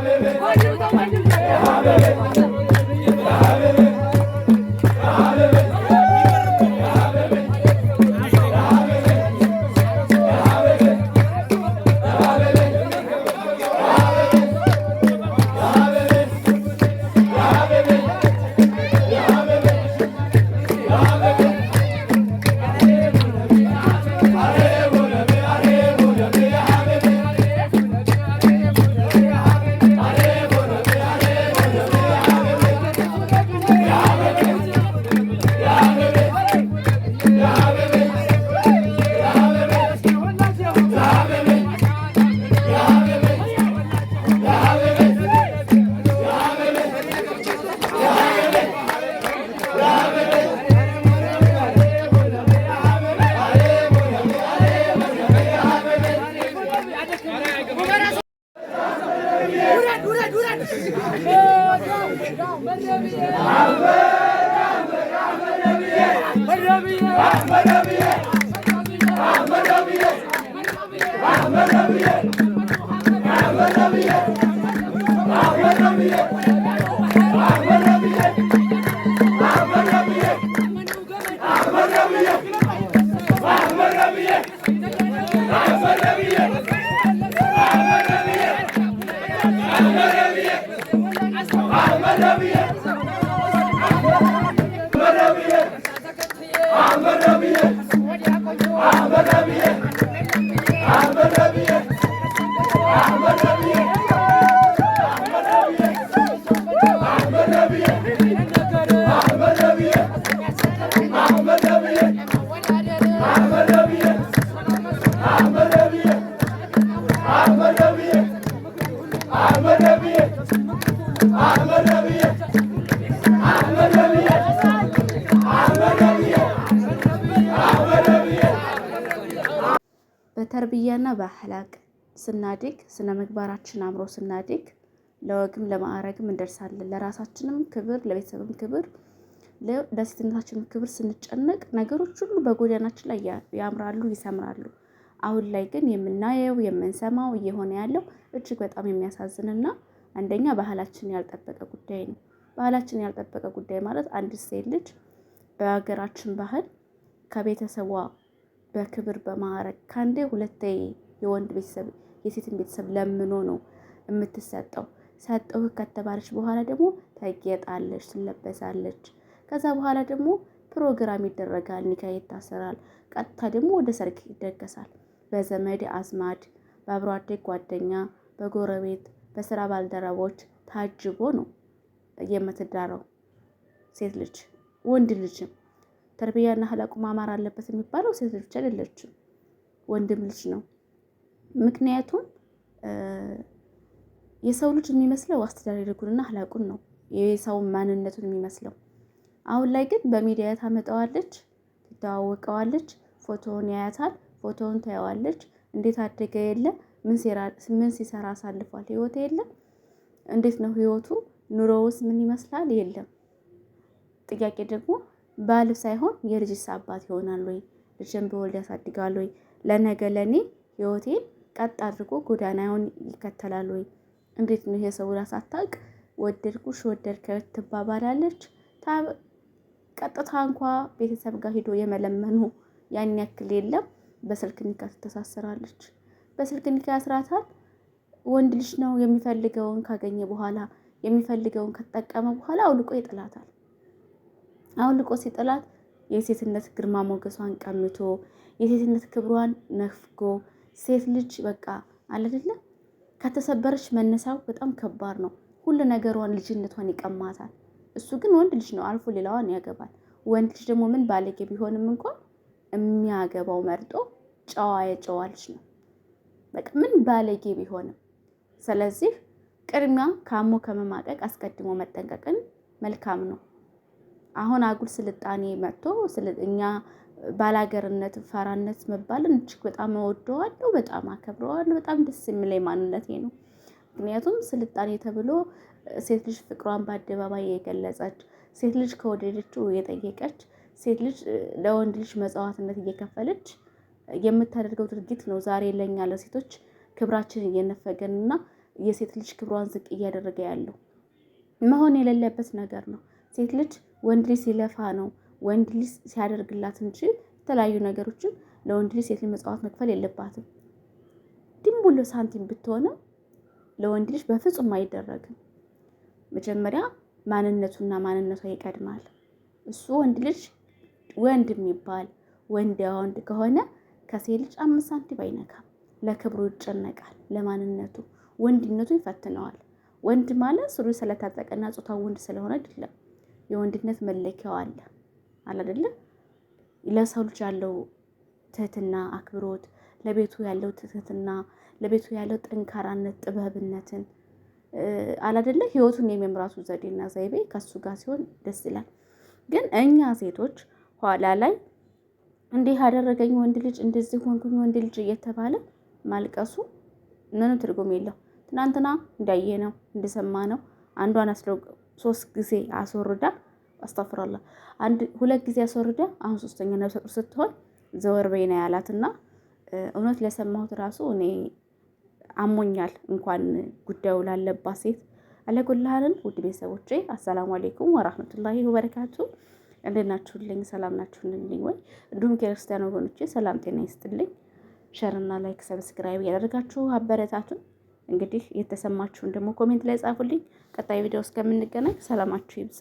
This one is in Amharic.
Habibi, Habibi, Habibi. Ahmet Abiye! Ahmet Abiye! መረብዬ ብያና በአህላቅ ስናድግ ስነ ምግባራችን አምሮ ስናድግ ለወግም ለማዕረግም እንደርሳለን። ለራሳችንም ክብር፣ ለቤተሰብም ክብር፣ ለሴትነታችንም ክብር ስንጨነቅ ነገሮች ሁሉ በጎዳናችን ላይ ያምራሉ፣ ይሰምራሉ። አሁን ላይ ግን የምናየው የምንሰማው እየሆነ ያለው እጅግ በጣም የሚያሳዝንና አንደኛ ባህላችን ያልጠበቀ ጉዳይ ነው። ባህላችን ያልጠበቀ ጉዳይ ማለት አንድ ሴት ልጅ በሀገራችን ባህል ከቤተሰቧ በክብር በማዕረግ ከአንዴ ሁለቴ የወንድ ቤተሰብ የሴትን ቤተሰብ ለምኖ ነው የምትሰጠው። ሰጠው ከተባለች በኋላ ደግሞ ተጌጣለች፣ ትለበሳለች። ከዛ በኋላ ደግሞ ፕሮግራም ይደረጋል፣ ኒካ ይታሰራል። ቀጥታ ደግሞ ወደ ሰርግ ይደገሳል። በዘመድ አዝማድ፣ በአብሮ አደግ ጓደኛ፣ በጎረቤት፣ በስራ ባልደረቦች ታጅቦ ነው የምትዳረው ሴት ልጅ ወንድ ልጅም ተርቢያና ሀላቁ ማማር አለበት የሚባለው ሴት ልጅ አይደለችም፣ ወንድም ልጅ ነው። ምክንያቱም የሰው ልጅ የሚመስለው አስተዳደጉንና ህላቁን ነው፣ የሰው ማንነቱን የሚመስለው። አሁን ላይ ግን በሚዲያ ታመጣዋለች፣ ትተዋወቀዋለች፣ ፎቶውን ያያታል፣ ፎቶውን ታየዋለች። እንዴት አደገ የለ ምን ሲሰራ አሳልፏል ህይወት የለም። እንዴት ነው ህይወቱ? ኑሮውስ ምን ይመስላል? የለም። ጥያቄ ደግሞ ባል ሳይሆን የልጅስ አባት ይሆናል ወይ? ልጅን በወልድ ያሳድጋል ወይ? ለነገ ለእኔ ህይወቴን ቀጥ አድርጎ ጎዳናውን ይከተላል ወይ? እንዴት ነው የሰው ሰው አታውቅ ወደድኩሽ ወደድከው ትባባላለች። ቀጥታ እንኳ ቤተሰብ ጋር ሂዶ የመለመኑ ያን ያክል የለም። በስልክ ኒካ ትተሳሰራለች። በስልክ ኒካ ያስራታል። ወንድ ልጅ ነው የሚፈልገውን ካገኘ በኋላ የሚፈልገውን ከተጠቀመ በኋላ አውልቆ ይጥላታል። አውልቆ ሲጥላት የሴትነት ግርማ ሞገሷን ቀምቶ የሴትነት ክብሯን ነፍጎ ሴት ልጅ በቃ አለደለ ከተሰበረች መነሳው በጣም ከባድ ነው። ሁሉ ነገሯን ልጅነቷን ይቀማታል። እሱ ግን ወንድ ልጅ ነው፣ አልፎ ሌላዋን ያገባል። ወንድ ልጅ ደግሞ ምን ባለጌ ቢሆንም እንኳን የሚያገባው መርጦ ጨዋ የጨዋ ልጅ ነው። በቃ ምን ባለጌ ቢሆንም። ስለዚህ ቅድሚያ ከአሞ ከመማቀቅ አስቀድሞ መጠንቀቅን መልካም ነው። አሁን አጉል ስልጣኔ መጥቶ እኛ ባላገርነት፣ ፈራነት መባልን እጅግ በጣም እወደዋለሁ፣ በጣም አከብረዋለሁ። በጣም ደስ የሚለኝ ማንነቴ ነው። ምክንያቱም ስልጣኔ ተብሎ ሴት ልጅ ፍቅሯን በአደባባይ የገለጸች ሴት ልጅ ከወደደችው የጠየቀች ሴት ልጅ ለወንድ ልጅ መጽዋትነት እየከፈለች የምታደርገው ድርጊት ነው ዛሬ ለኛ ለሴቶች ክብራችን እየነፈገንና የሴት ልጅ ክብሯን ዝቅ እያደረገ ያለው መሆን የሌለበት ነገር ነው። ሴት ልጅ ወንድ ልጅ ሲለፋ ነው ወንድ ልጅ ሲያደርግላት እንጂ የተለያዩ ነገሮችን ለወንድ ልጅ ሴት መጽዋት መክፈል የለባትም። ድንቡሎ ሳንቲም ብትሆንም ለወንድ ልጅ በፍጹም አይደረግም። መጀመሪያ ማንነቱና ማንነቷ ይቀድማል። እሱ ወንድ ልጅ ወንድ የሚባል ወንድ ወንድ ከሆነ ከሴት ልጅ አምስት ሳንቲም አይነካም። ለክብሩ ይጨነቃል። ለማንነቱ ወንድነቱ ይፈትነዋል። ወንድ ማለት ሱሪ ስለታጠቀና ጾታው ወንድ ስለሆነ አይደለም። የወንድነት መለኪያው አለ አለ አይደለ? ለሰው ልጅ ያለው ትህትና፣ አክብሮት፣ ለቤቱ ያለው ትህትና፣ ለቤቱ ያለው ጠንካራነት፣ ጥበብነትን አለ ህይወቱን የሚምራቱ ዘዴና ዘይቤ ከሱ ጋር ሲሆን ደስ ይላል። ግን እኛ ሴቶች ኋላ ላይ እንዲህ ያደረገኝ ወንድ ልጅ እንደዚህ ሆንኩኝ ወንድ ልጅ እየተባለ ማልቀሱ ምንም ትርጉም የለው። ትናንትና እንዳየ ነው እንደሰማ ነው አንዷን ሶስት ጊዜ አስወርዳ አስተፍራላ አንድ ሁለት ጊዜ አስወርዳ፣ አሁን ሶስተኛ ነፍሰ ጡር ስትሆን ዘወር በይ ነው ያላትና እውነት ለሰማሁት ራሱ እኔ አሞኛል። እንኳን ጉዳዩ ላለባት ሴት አለጎላህልን። ውድ ቤተሰቦች አሰላሙ አሌይኩም ወራህመቱላሂ ወበረካቱ። እንደናችሁልኝ ናችሁልኝ? ሰላም ናችሁልኝ ወይ? እንዲሁም ክርስቲያን ወገኖቼ ሰላም ጤና ይስጥልኝ። ሸርና ላይክ ሰብስክራይብ እያደረጋችሁ አበረታቱን። እንግዲህ የተሰማችሁን ደግሞ ኮሜንት ላይ ጻፉልኝ። ቀጣይ ቪዲዮ እስከምንገናኝ ሰላማችሁ ይብዛ።